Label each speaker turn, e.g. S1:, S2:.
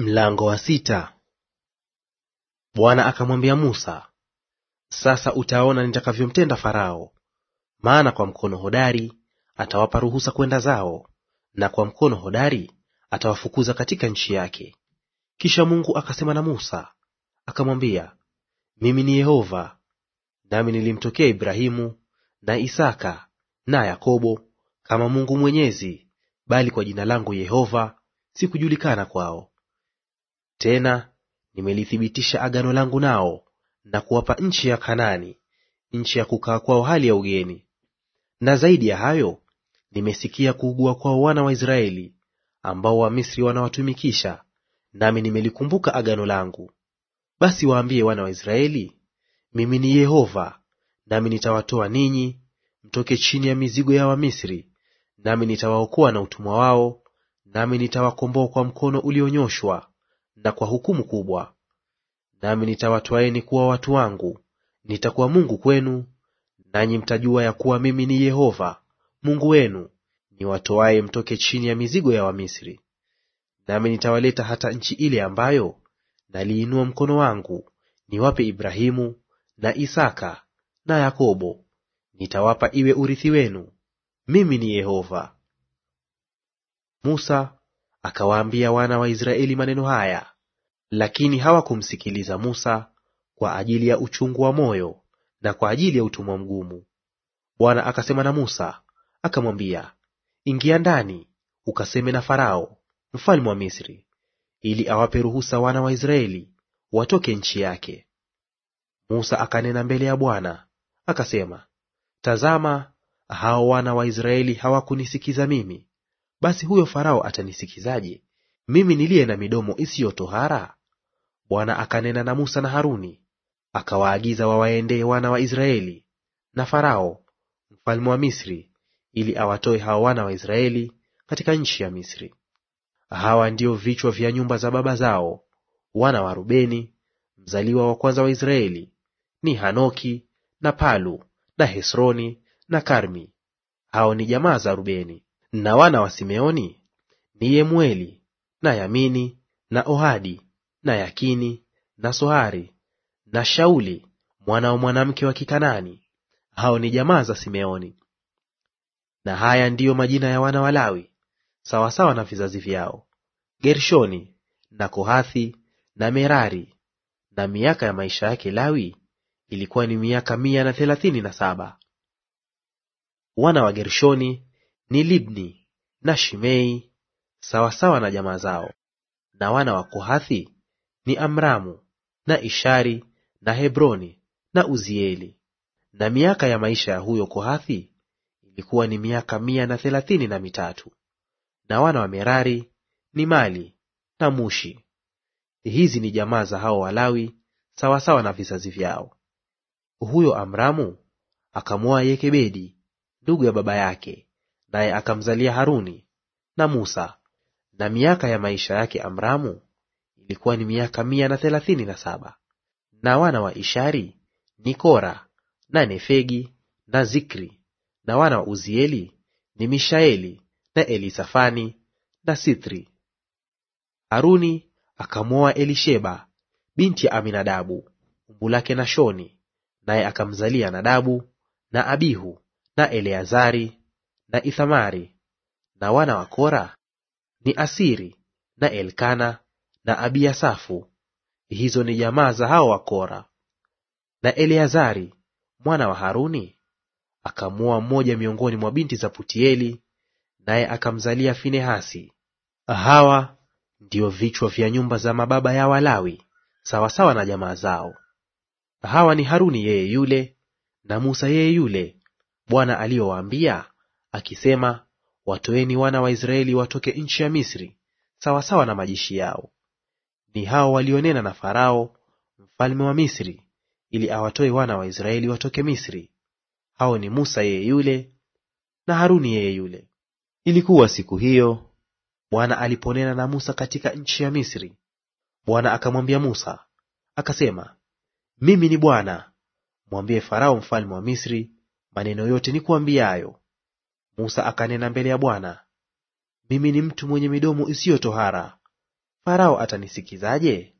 S1: Mlango wa sita. Bwana akamwambia Musa, sasa utaona nitakavyomtenda Farao, maana kwa mkono hodari atawapa ruhusa kwenda zao, na kwa mkono hodari atawafukuza katika nchi yake. Kisha Mungu akasema na Musa akamwambia, mimi ni Yehova, nami nilimtokea Ibrahimu na Isaka na Yakobo kama Mungu mwenyezi, bali kwa jina langu Yehova sikujulikana kwao. Tena nimelithibitisha agano langu nao na kuwapa nchi ya kanani nchi ya kukaa kwao hali ya ugeni. Na zaidi ya hayo, nimesikia kuugua kwao wana wa Israeli, ambao Wamisri wanawatumikisha, nami nimelikumbuka agano langu. Basi waambie wana wa Israeli, mimi ni Yehova, nami nitawatoa ninyi mtoke chini ya mizigo ya Wamisri, nami nitawaokoa na utumwa wao, nami nitawakomboa kwa mkono ulionyoshwa na kwa hukumu kubwa. Nami nitawatwaeni kuwa watu wangu, nitakuwa Mungu kwenu, nanyi mtajua ya kuwa mimi ni Yehova Mungu wenu niwatoaye mtoke chini ya mizigo ya Wamisri. Nami nitawaleta hata nchi ile ambayo naliinua mkono wangu niwape Ibrahimu na Isaka na Yakobo, nitawapa iwe urithi wenu. Mimi ni Yehova. Musa akawaambia wana wa Israeli maneno haya, lakini hawakumsikiliza Musa kwa ajili ya uchungu wa moyo na kwa ajili ya utumwa mgumu. Bwana akasema na Musa akamwambia, ingia ndani ukaseme na Farao mfalme wa Misri, ili awape ruhusa wana wa Israeli watoke nchi yake. Musa akanena mbele ya Bwana akasema, tazama, hao wana wa Israeli hawakunisikiza mimi basi huyo Farao atanisikizaje mimi niliye na midomo isiyo tohara? Bwana akanena na Musa na Haruni, akawaagiza wawaendee wana wa Israeli na Farao mfalme wa Misri, ili awatoe hawa wana wa Israeli katika nchi ya Misri. Hawa ndio vichwa vya nyumba za baba zao. Wana wa Rubeni mzaliwa wa kwanza wa Israeli ni Hanoki na Palu na Hesroni na Karmi. Hao ni jamaa za Rubeni. Na wana wa Simeoni ni Yemueli na Yamini na Ohadi na Yakini na Sohari na Shauli mwana wa mwanamke wa Kikanani; hao ni jamaa za Simeoni. Na haya ndiyo majina ya wana wa Lawi sawasawa na vizazi vyao: Gershoni na Kohathi na Merari. Na miaka ya maisha yake Lawi ilikuwa ni miaka mia na thelathini na saba. Wana wa Gershoni ni Libni na Shimei sawasawa na jamaa zao. Na wana wa Kohathi ni Amramu na Ishari na Hebroni na Uzieli. Na miaka ya maisha ya huyo Kohathi ilikuwa ni miaka mia na thelathini na mitatu. Na wana wa Merari ni Mali na Mushi. Hizi ni jamaa za hao Walawi sawasawa na vizazi vyao. Huyo Amramu akamwoa Yekebedi ndugu ya baba yake, naye akamzalia Haruni na Musa. Na miaka ya maisha yake Amramu ilikuwa ni miaka mia na thelathini na saba. Na wana wa Ishari ni Kora na Nefegi na Zikri, na wana wa Uzieli ni Mishaeli na Elisafani na Sitri. Haruni akamwoa Elisheba binti ya Aminadabu umbu lake Nashoni, naye akamzalia Nadabu na Abihu na Eleazari na Ithamari na wana wa Kora ni Asiri na Elkana na Abiasafu; hizo ni jamaa za hao wa Kora. Na Eleazari mwana wa Haruni akamwoa mmoja miongoni mwa binti za Putieli, naye akamzalia Finehasi. Hawa ndio vichwa vya nyumba za mababa ya Walawi sawasawa na jamaa zao. Hawa ni Haruni yeye yule na Musa yeye yule, Bwana aliyowaambia akisema, watoeni wana wa Israeli watoke nchi ya Misri sawasawa na majeshi yao. Ni hao walionena na Farao mfalme wa Misri ili awatoe wana wa Israeli watoke Misri. Hao ni Musa yeye yule na Haruni yeye yule. Ilikuwa siku hiyo Bwana aliponena na Musa katika nchi ya Misri. Bwana akamwambia Musa akasema, mimi ni Bwana, mwambie Farao mfalme wa Misri maneno yote ni kuambiayo Musa akanena mbele ya Bwana, mimi ni mtu mwenye midomo isiyo tohara, Farao atanisikizaje?